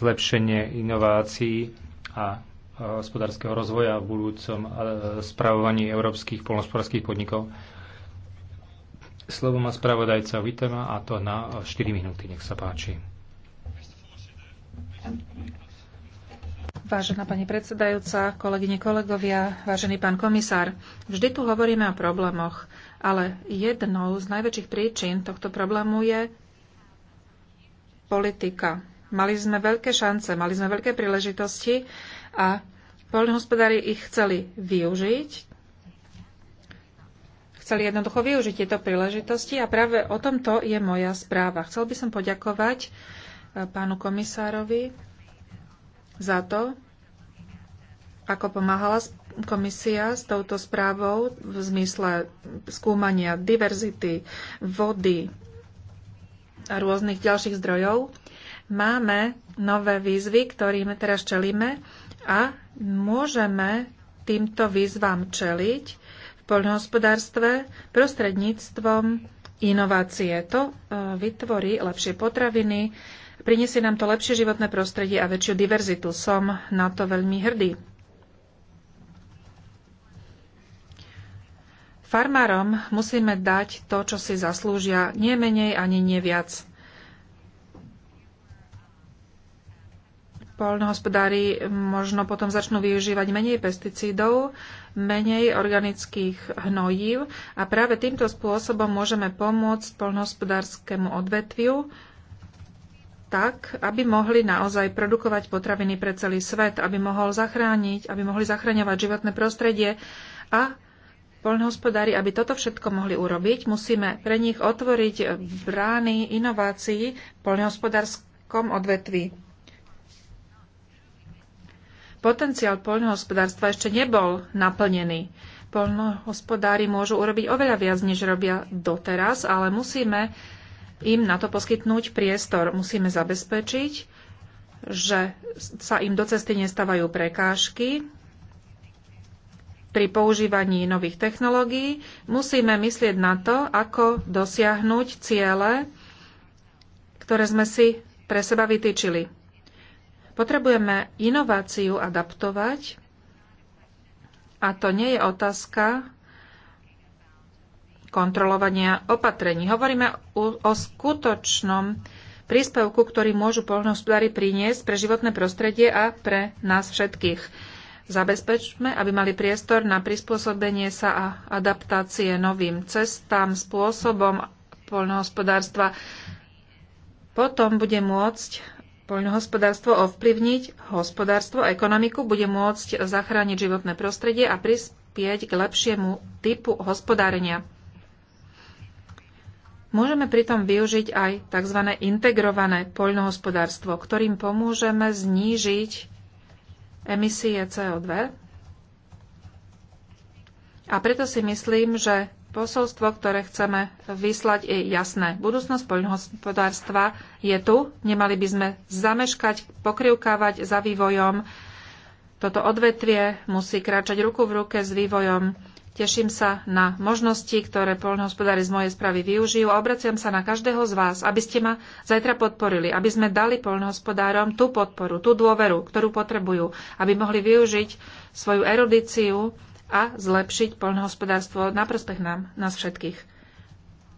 zlepšenie inovácií a e, hospodárskeho rozvoja v budúcom e, spravovaní európskych polnospodárských podnikov. Slovo má spravodajca Vitema a to na 4 e, minúty, nech sa páči. Vážená pani predsedajúca, kolegyne, kolegovia, vážený pán komisár, vždy tu hovoríme o problémoch, ale jednou z najväčších príčin tohto problému je politika Mali sme veľké šance, mali sme veľké príležitosti a poľnohospodári ich chceli využiť. Chceli jednoducho využiť tieto príležitosti a práve o tomto je moja správa. Chcel by som poďakovať e, pánu komisárovi za to, ako pomáhala komisia s touto správou v zmysle skúmania diverzity, vody a rôznych ďalších zdrojov. Máme nové výzvy, ktorým teraz čelíme a môžeme týmto výzvam čeliť v poľnohospodárstve prostredníctvom inovácie. To e, vytvorí lepšie potraviny, prinesie nám to lepšie životné prostredie a väčšiu diverzitu. Som na to veľmi hrdý. Farmárom musíme dať to, čo si zaslúžia, nie menej ani nie viac. Poľnohospodári možno potom začnú využívať menej pesticídov, menej organických hnojív a práve týmto spôsobom môžeme pomôcť poľnohospodárskému odvetviu tak, aby mohli naozaj produkovať potraviny pre celý svet, aby mohol zachrániť, aby mohli zachraňovať životné prostredie a poľnohospodári, aby toto všetko mohli urobiť, musíme pre nich otvoriť brány inovácií v poľnohospodárskom odvetví. Potenciál poľnohospodárstva ešte nebol naplnený. Poľnohospodári môžu urobiť oveľa viac, než robia doteraz, ale musíme im na to poskytnúť priestor. Musíme zabezpečiť, že sa im do cesty nestávajú prekážky, pri používaní nových technológií musíme myslieť na to, ako dosiahnuť ciele, ktoré sme si pre seba vytýčili. Potrebujeme inováciu adaptovať a to nie je otázka kontrolovania opatrení. Hovoríme o skutočnom príspevku, ktorý môžu poľnohospodári priniesť pre životné prostredie a pre nás všetkých. Zabezpečme, aby mali priestor na prispôsobenie sa a adaptácie novým cestám, spôsobom poľnohospodárstva. Potom bude môcť poľnohospodárstvo ovplyvniť hospodárstvo a ekonomiku, bude môcť zachrániť životné prostredie a prispieť k lepšiemu typu hospodárenia. Môžeme pritom využiť aj tzv. integrované poľnohospodárstvo, ktorým pomôžeme znížiť emisie CO2. A preto si myslím, že Posolstvo, ktoré chceme vyslať, je jasné. Budúcnosť poľnohospodárstva je tu. Nemali by sme zameškať, pokrivkávať za vývojom. Toto odvetvie musí kráčať ruku v ruke s vývojom. Teším sa na možnosti, ktoré poľnohospodári z mojej správy využijú a obraciam sa na každého z vás, aby ste ma zajtra podporili, aby sme dali poľnohospodárom tú podporu, tú dôveru, ktorú potrebujú, aby mohli využiť svoju erudíciu, a zlepšiť poľnohospodárstvo na prospech nám, nás všetkých.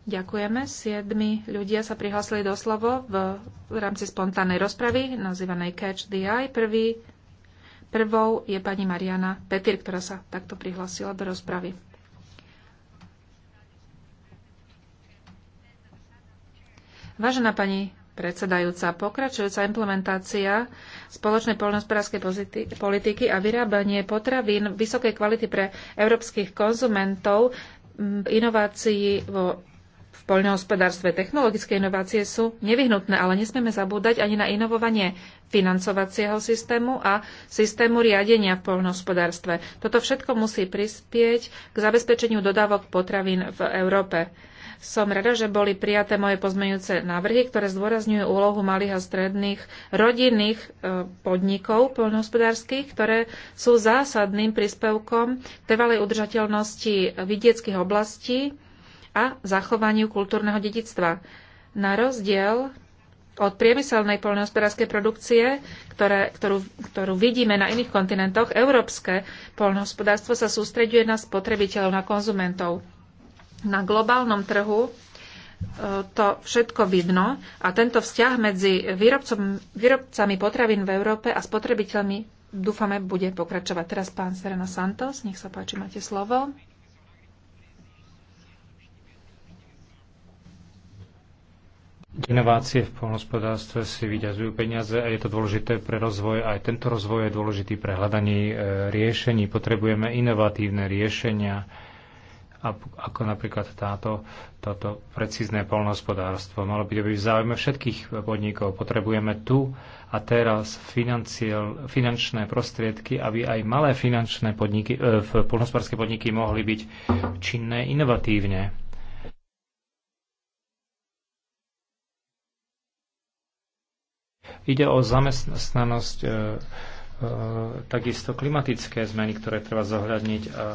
Ďakujeme. Siedmi ľudia sa prihlásili do slovo v rámci spontánnej rozpravy, nazývanej Catch the Eye. Prvý, prvou je pani Mariana Petir, ktorá sa takto prihlásila do rozpravy. Vážená pani predsedajúca. Pokračujúca implementácia spoločnej poľnohospodárskej politiky a vyrábanie potravín vysokej kvality pre európskych konzumentov, mm, inovácií vo v poľnohospodárstve technologické inovácie sú nevyhnutné, ale nesmieme zabúdať ani na inovovanie financovacieho systému a systému riadenia v poľnohospodárstve. Toto všetko musí prispieť k zabezpečeniu dodávok potravín v Európe. Som rada, že boli prijaté moje pozmeňujúce návrhy, ktoré zdôrazňujú úlohu malých a stredných rodinných e, podnikov poľnohospodárskych, ktoré sú zásadným príspevkom trvalej udržateľnosti vidieckých oblastí a zachovaniu kultúrneho dedictva. Na rozdiel od priemyselnej poľnohospodárskej produkcie, ktoré, ktorú, ktorú vidíme na iných kontinentoch, európske poľnohospodárstvo sa sústreďuje na spotrebiteľov, na konzumentov na globálnom trhu e, to všetko vidno a tento vzťah medzi výrobcom, výrobcami potravín v Európe a spotrebiteľmi dúfame bude pokračovať. Teraz pán Serena Santos, nech sa páči, máte slovo. Inovácie v poľnohospodárstve si vyťazujú peniaze a je to dôležité pre rozvoj. Aj tento rozvoj je dôležitý pre hľadanie e, riešení. Potrebujeme inovatívne riešenia ako napríklad táto, toto precízne polnohospodárstvo. Malo byť v záujme všetkých podnikov. Potrebujeme tu a teraz finančné prostriedky, aby aj malé finančné podniky, e, polnohospodárske podniky mohli byť činné inovatívne. Ide o zamestnanosť, e, e, takisto klimatické zmeny, ktoré treba zohľadniť a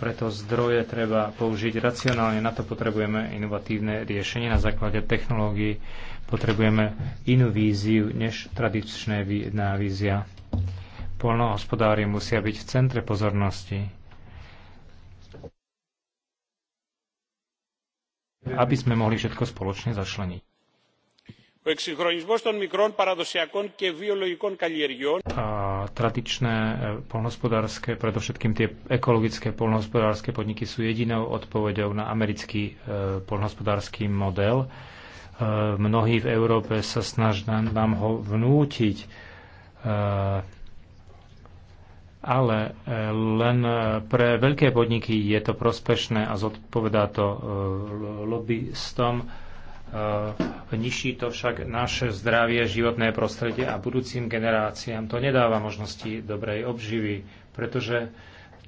preto zdroje treba použiť racionálne. Na to potrebujeme inovatívne riešenie na základe technológií. Potrebujeme inú víziu než tradičná vízia. Polnohospodári musia byť v centre pozornosti. aby sme mohli všetko spoločne začleniť. Ο εξυγχρονισμός των μικρών παραδοσιακών και βιολογικών a tradičné polnohospodárske, predovšetkým tie ekologické polnohospodárske podniky sú jedinou odpoveďou na americký e, poľnohospodársky model. E, mnohí v Európe sa snažia nám ho vnútiť, e, ale len pre veľké podniky je to prospešné a zodpovedá to lobbystom Eh, niší to však naše zdravie, životné prostredie a budúcim generáciám to nedáva možnosti dobrej obživy, pretože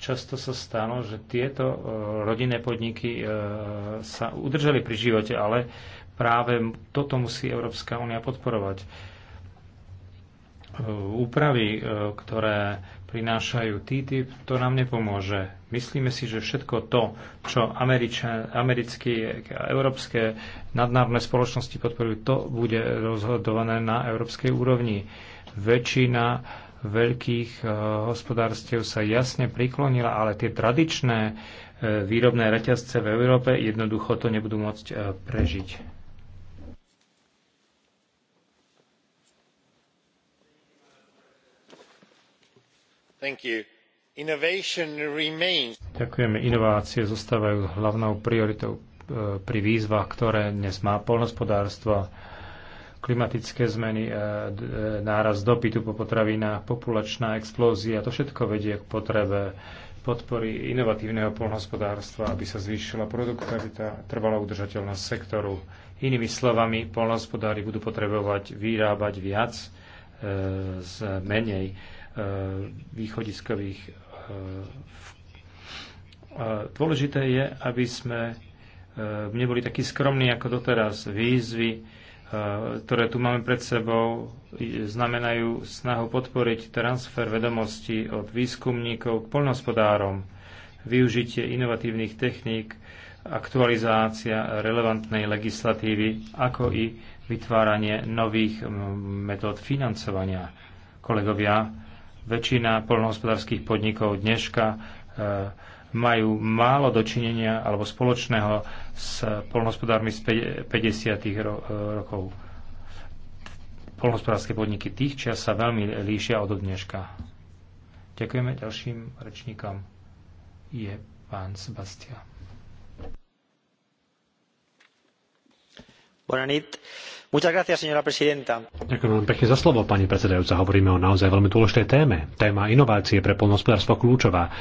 často sa stalo, že tieto eh, rodinné podniky eh, sa udržali pri živote, ale práve toto musí Európska únia podporovať. Úpravy, ktoré prinášajú TTIP, to nám nepomôže. Myslíme si, že všetko to, čo americké a európske nadnárodné spoločnosti podporujú, to bude rozhodované na európskej úrovni. Väčšina veľkých eh, hospodárstiev sa jasne priklonila, ale tie tradičné eh, výrobné reťazce v Európe jednoducho to nebudú môcť eh, prežiť. Ďakujeme. Inovácie zostávajú hlavnou prioritou e, pri výzvach, ktoré dnes má polnospodárstvo, klimatické zmeny, e, e, náraz dopytu po potravinách, populačná explózia. To všetko vedie k potrebe podpory inovatívneho polnohospodárstva, aby sa zvýšila produktivita, trvalá udržateľnosť sektoru. Inými slovami, poľnohospodári budú potrebovať vyrábať viac e, z menej Eh, východiskových. Eh, dôležité je, aby sme eh, neboli takí skromní ako doteraz. Výzvy, ktoré tu máme pred sebou, znamenajú snahu podporiť transfer vedomostí od výskumníkov k poľnohospodárom, využitie inovatívnych techník, aktualizácia relevantnej legislatívy, ako i vytváranie nových metód financovania. Kolegovia, Väčšina polnohospodárských podnikov dneška eh, majú málo dočinenia alebo spoločného s polnohospodármi z 50. Eh, rokov. Polnohospodárske podniky tých čias sa veľmi líšia od dneška. Ďakujeme ďalším rečníkom. Je pán Sebastian. Buonanit. Ďakujem veľmi pekne za slovo, pani predsedajúca. Hovoríme o naozaj veľmi dôležitej téme. Téma inovácie pre polnohospodárstvo kľúčová.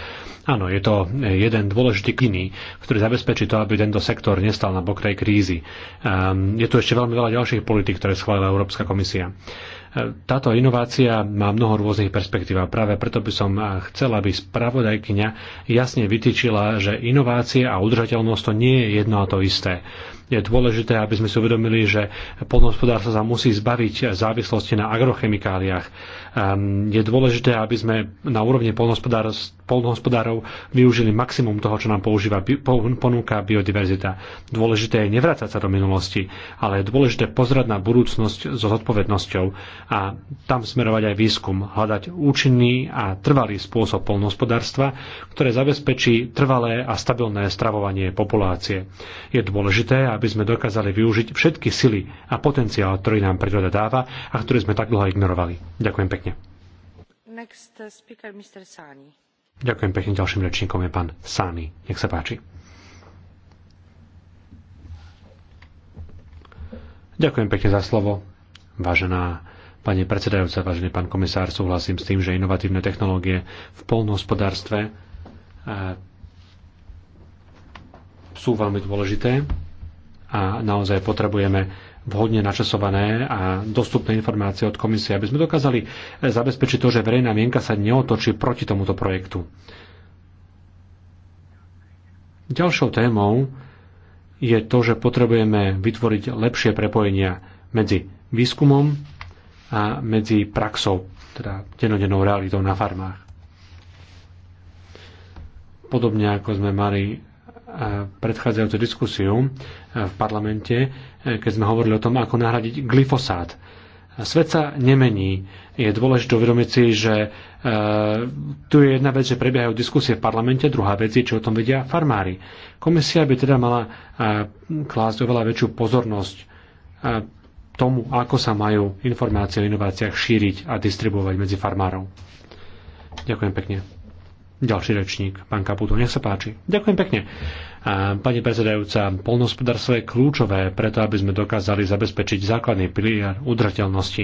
Áno, je to jeden dôležitý kliny, ktorý zabezpečí to, aby tento sektor nestal na bokrej krízy. Ehm, je tu ešte veľmi veľa ďalších politik, ktoré schválila Európska komisia. Ehm, táto inovácia má mnoho rôznych perspektív a práve preto by som eh, chcela, aby spravodajkyňa jasne vytýčila, že inovácie a udržateľnosť to nie je jedno a to isté. Je dôležité, aby sme si uvedomili, že polnohospodárstvo sa musí zbaviť závislosti na agrochemikáliách. Ehm, je dôležité, aby sme na úrovni polnohospodárov využili maximum toho, čo nám používa, ponúka biodiverzita. Dôležité je nevrácať sa do minulosti, ale je dôležité pozerať na budúcnosť so zodpovednosťou a tam smerovať aj výskum, hľadať účinný a trvalý spôsob polnohospodárstva, ktoré zabezpečí trvalé a stabilné stravovanie populácie. Je dôležité, aby sme dokázali využiť všetky sily a potenciál, ktorý nám príroda dáva a ktorý sme tak dlho ignorovali. Ďakujem pekne pekne. Next speaker, Mr. Sani. Ďakujem pekne. Ďalším rečníkom je pán Sani. Nech sa páči. Ďakujem pekne za slovo. Vážená pani predsedajúca, vážený pán komisár, súhlasím s tým, že inovatívne technológie v polnohospodárstve eh, sú veľmi dôležité a naozaj potrebujeme vhodne načasované a dostupné informácie od komisie, aby sme dokázali eh, zabezpečiť to, že verejná mienka sa neotočí proti tomuto projektu. Ďalšou témou je to, že potrebujeme vytvoriť lepšie prepojenia medzi výskumom a medzi praxou, teda denodennou realitou na farmách. Podobne ako sme mali predchádzajúcu diskusiu e, v parlamente, e, keď sme hovorili o tom, ako nahradiť glyfosát. Svet sa nemení. Je dôležité uvedomiť si, že e, tu je jedna vec, že prebiehajú diskusie v parlamente, druhá vec je, čo o tom vedia farmári. Komisia by teda mala e, klásť oveľa väčšiu pozornosť e, tomu, ako sa majú informácie o inováciách šíriť a distribuovať medzi farmárov. Ďakujem pekne. Ďalší rečník, pán Kaputo, nech sa páči. Ďakujem pekne. Pani predsedajúca, polnospodárstvo je kľúčové preto, aby sme dokázali zabezpečiť základný pilier udržateľnosti.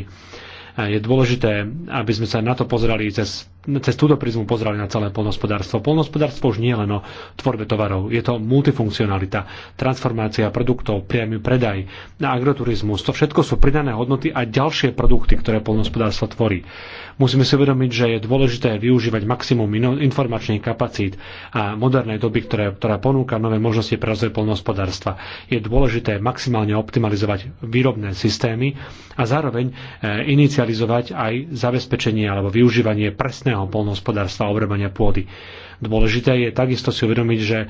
Je dôležité, aby sme sa na to pozerali cez No, cez túto prizmu pozerali na celé polnospodárstvo. Polnospodárstvo už nie len o tvorbe tovarov, je to multifunkcionalita, transformácia produktov, priamy predaj, na agroturizmus. To všetko sú pridané hodnoty a ďalšie produkty, ktoré polnospodárstvo tvorí. Musíme si uvedomiť, že je dôležité využívať maximum informačných kapacít a modernej doby, ktoré, ktorá ponúka nové možnosti pre rozvoj polnospodárstva. Je dôležité maximálne optimalizovať výrobné systémy a zároveň eh, inicializovať aj zabezpečenie alebo využívanie presného moderného polnohospodárstva a obrábania pôdy. Dôležité je takisto si uvedomiť, že eh,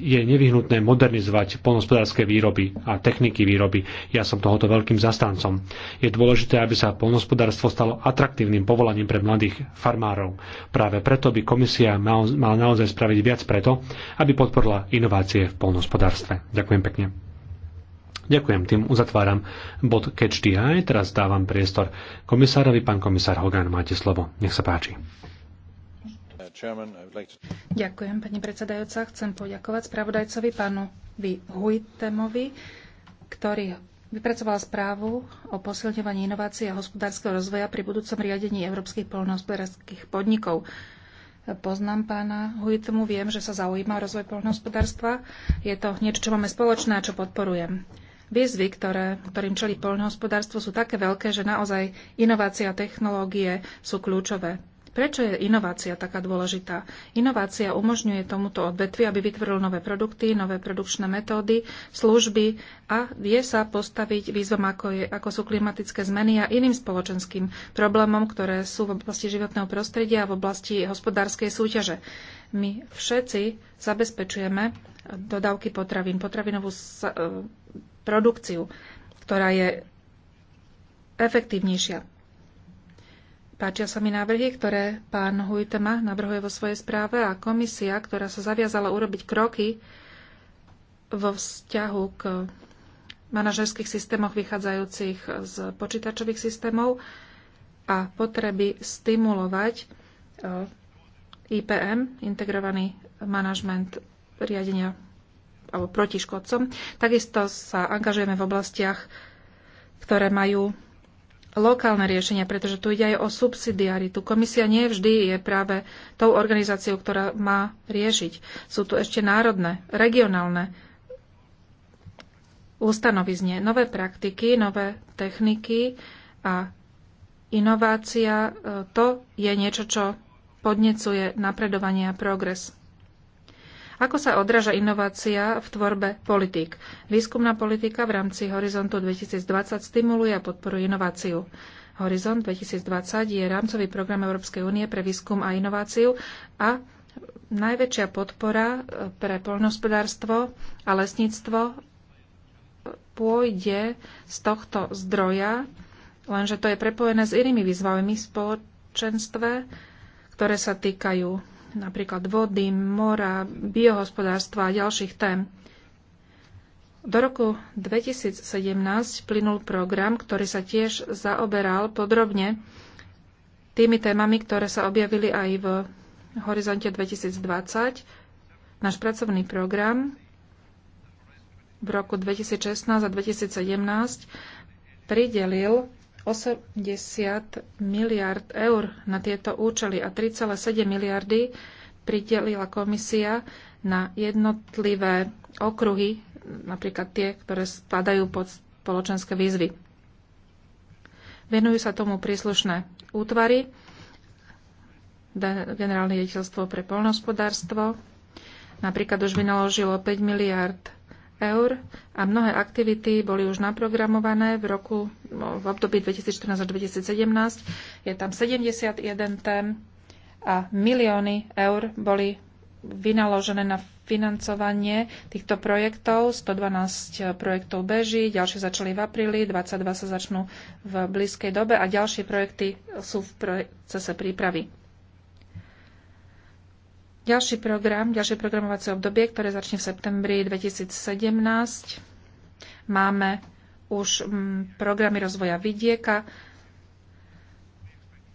je nevyhnutné modernizovať polnohospodárske výroby a techniky výroby. Ja som tohoto veľkým zastancom. Je dôležité, aby sa polnohospodárstvo stalo atraktívnym povolaním pre mladých farmárov. Práve preto by komisia mala naozaj spraviť viac preto, aby podporila inovácie v polnohospodárstve. Ďakujem pekne. Ďakujem, tým uzatváram bod Catch the Eye. Teraz dávam priestor komisárovi. Pán komisár Hogan, máte slovo. Nech sa páči. Ďakujem, pani predsedajúca. Chcem poďakovať spravodajcovi pánu Huitemovi, ktorý vypracoval správu o posilňovaní inovácií a hospodárskeho rozvoja pri budúcom riadení európskych poľnohospodárskych podnikov. Poznám pána Huitemu, viem, že sa zaujíma o rozvoj poľnohospodárstva. Je to niečo, čo máme spoločné a čo podporujem. Výzvy, ktoré, ktorým čeli poľnohospodárstvo, sú také veľké, že naozaj inovácia a technológie sú kľúčové. Prečo je inovácia taká dôležitá? Inovácia umožňuje tomuto odvetvi, aby vytvoril nové produkty, nové produkčné metódy, služby a vie sa postaviť výzvom, ako, je, ako sú klimatické zmeny a iným spoločenským problémom, ktoré sú v oblasti životného prostredia a v oblasti hospodárskej súťaže. My všetci zabezpečujeme dodávky potravín, potravinovú produkciu, ktorá je efektívnejšia. Páčia sa mi návrhy, ktoré pán Hujtema navrhuje vo svojej správe a komisia, ktorá sa zaviazala urobiť kroky vo vzťahu k manažerských systémoch vychádzajúcich z počítačových systémov a potreby stimulovať eh, IPM, integrovaný manažment riadenia alebo proti škodcom. Takisto sa angažujeme v oblastiach, ktoré majú lokálne riešenia, pretože tu ide aj o subsidiaritu. Komisia nie vždy je práve tou organizáciou, ktorá má riešiť. Sú tu ešte národné, regionálne ustanovizne, nové praktiky, nové techniky a inovácia. E, to je niečo, čo podnecuje napredovanie a progres. Ako sa odráža inovácia v tvorbe politik? Výskumná politika v rámci Horizontu 2020 stimuluje a podporuje inováciu. Horizont 2020 je rámcový program Európskej únie pre výskum a inováciu a najväčšia podpora eh, pre poľnohospodárstvo a lesníctvo eh, pôjde z tohto zdroja, lenže to je prepojené s inými výzvami v spoločenstve, ktoré sa týkajú napríklad vody, mora, biohospodárstva a ďalších tém. Do roku 2017 plynul program, ktorý sa tiež zaoberal podrobne tými témami, ktoré sa objavili aj v horizonte 2020. Náš pracovný program v roku 2016 a 2017 pridelil 80 miliard eur na tieto účely a 3,7 miliardy pridelila komisia na jednotlivé okruhy, napríklad tie, ktoré spadajú pod spoločenské výzvy. Venujú sa tomu príslušné útvary, generálne jediteľstvo pre poľnohospodárstvo, napríklad už vynaložilo 5 miliard eur a mnohé aktivity boli už naprogramované v roku v období 2014 až 2017. Je tam 71 tém a milióny eur boli vynaložené na financovanie týchto projektov. 112 projektov beží, ďalšie začali v apríli, 22 sa začnú v blízkej dobe a ďalšie projekty sú v procese prípravy. Ďalší program, ďalšie programovacie obdobie, ktoré začne v septembri 2017, máme už mm, programy rozvoja vidieka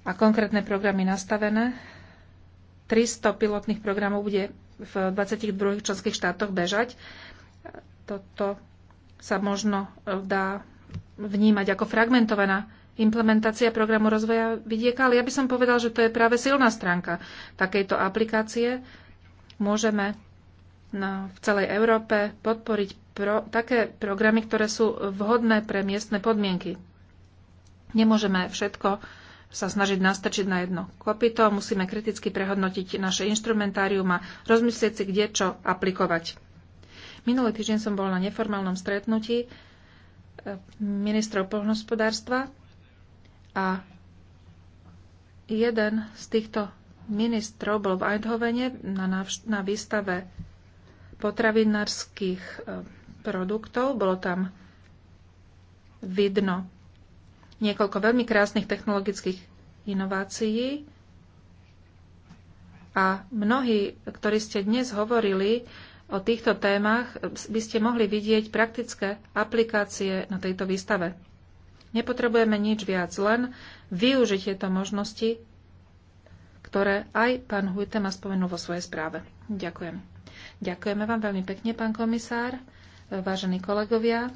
a konkrétne programy nastavené. 300 pilotných programov bude v 22 členských štátoch bežať. Toto sa možno e, dá vnímať ako fragmentovaná implementácia programu rozvoja vidieka, ale ja by som povedal, že to je práve silná stránka takejto aplikácie. Môžeme na, v celej Európe podporiť pro, také programy, ktoré sú vhodné pre miestne podmienky. Nemôžeme všetko sa snažiť nastrčiť na jedno kopito, musíme kriticky prehodnotiť naše instrumentárium a rozmyslieť si, kde čo aplikovať. Minulý týždeň som bol na neformálnom stretnutí eh, ministrov poľnohospodárstva a jeden z týchto ministrov bol v Eindhovene na, na výstave potravinárskych e, produktov. Bolo tam vidno niekoľko veľmi krásnych technologických inovácií. A mnohí, ktorí ste dnes hovorili o týchto témach, e, by ste mohli vidieť praktické aplikácie na tejto výstave. Nepotrebujeme nič viac, len využiť tieto možnosti, ktoré aj pán Hujte má spomenul vo svojej správe. Ďakujem. Ďakujeme vám veľmi pekne, pán komisár, vážení kolegovia.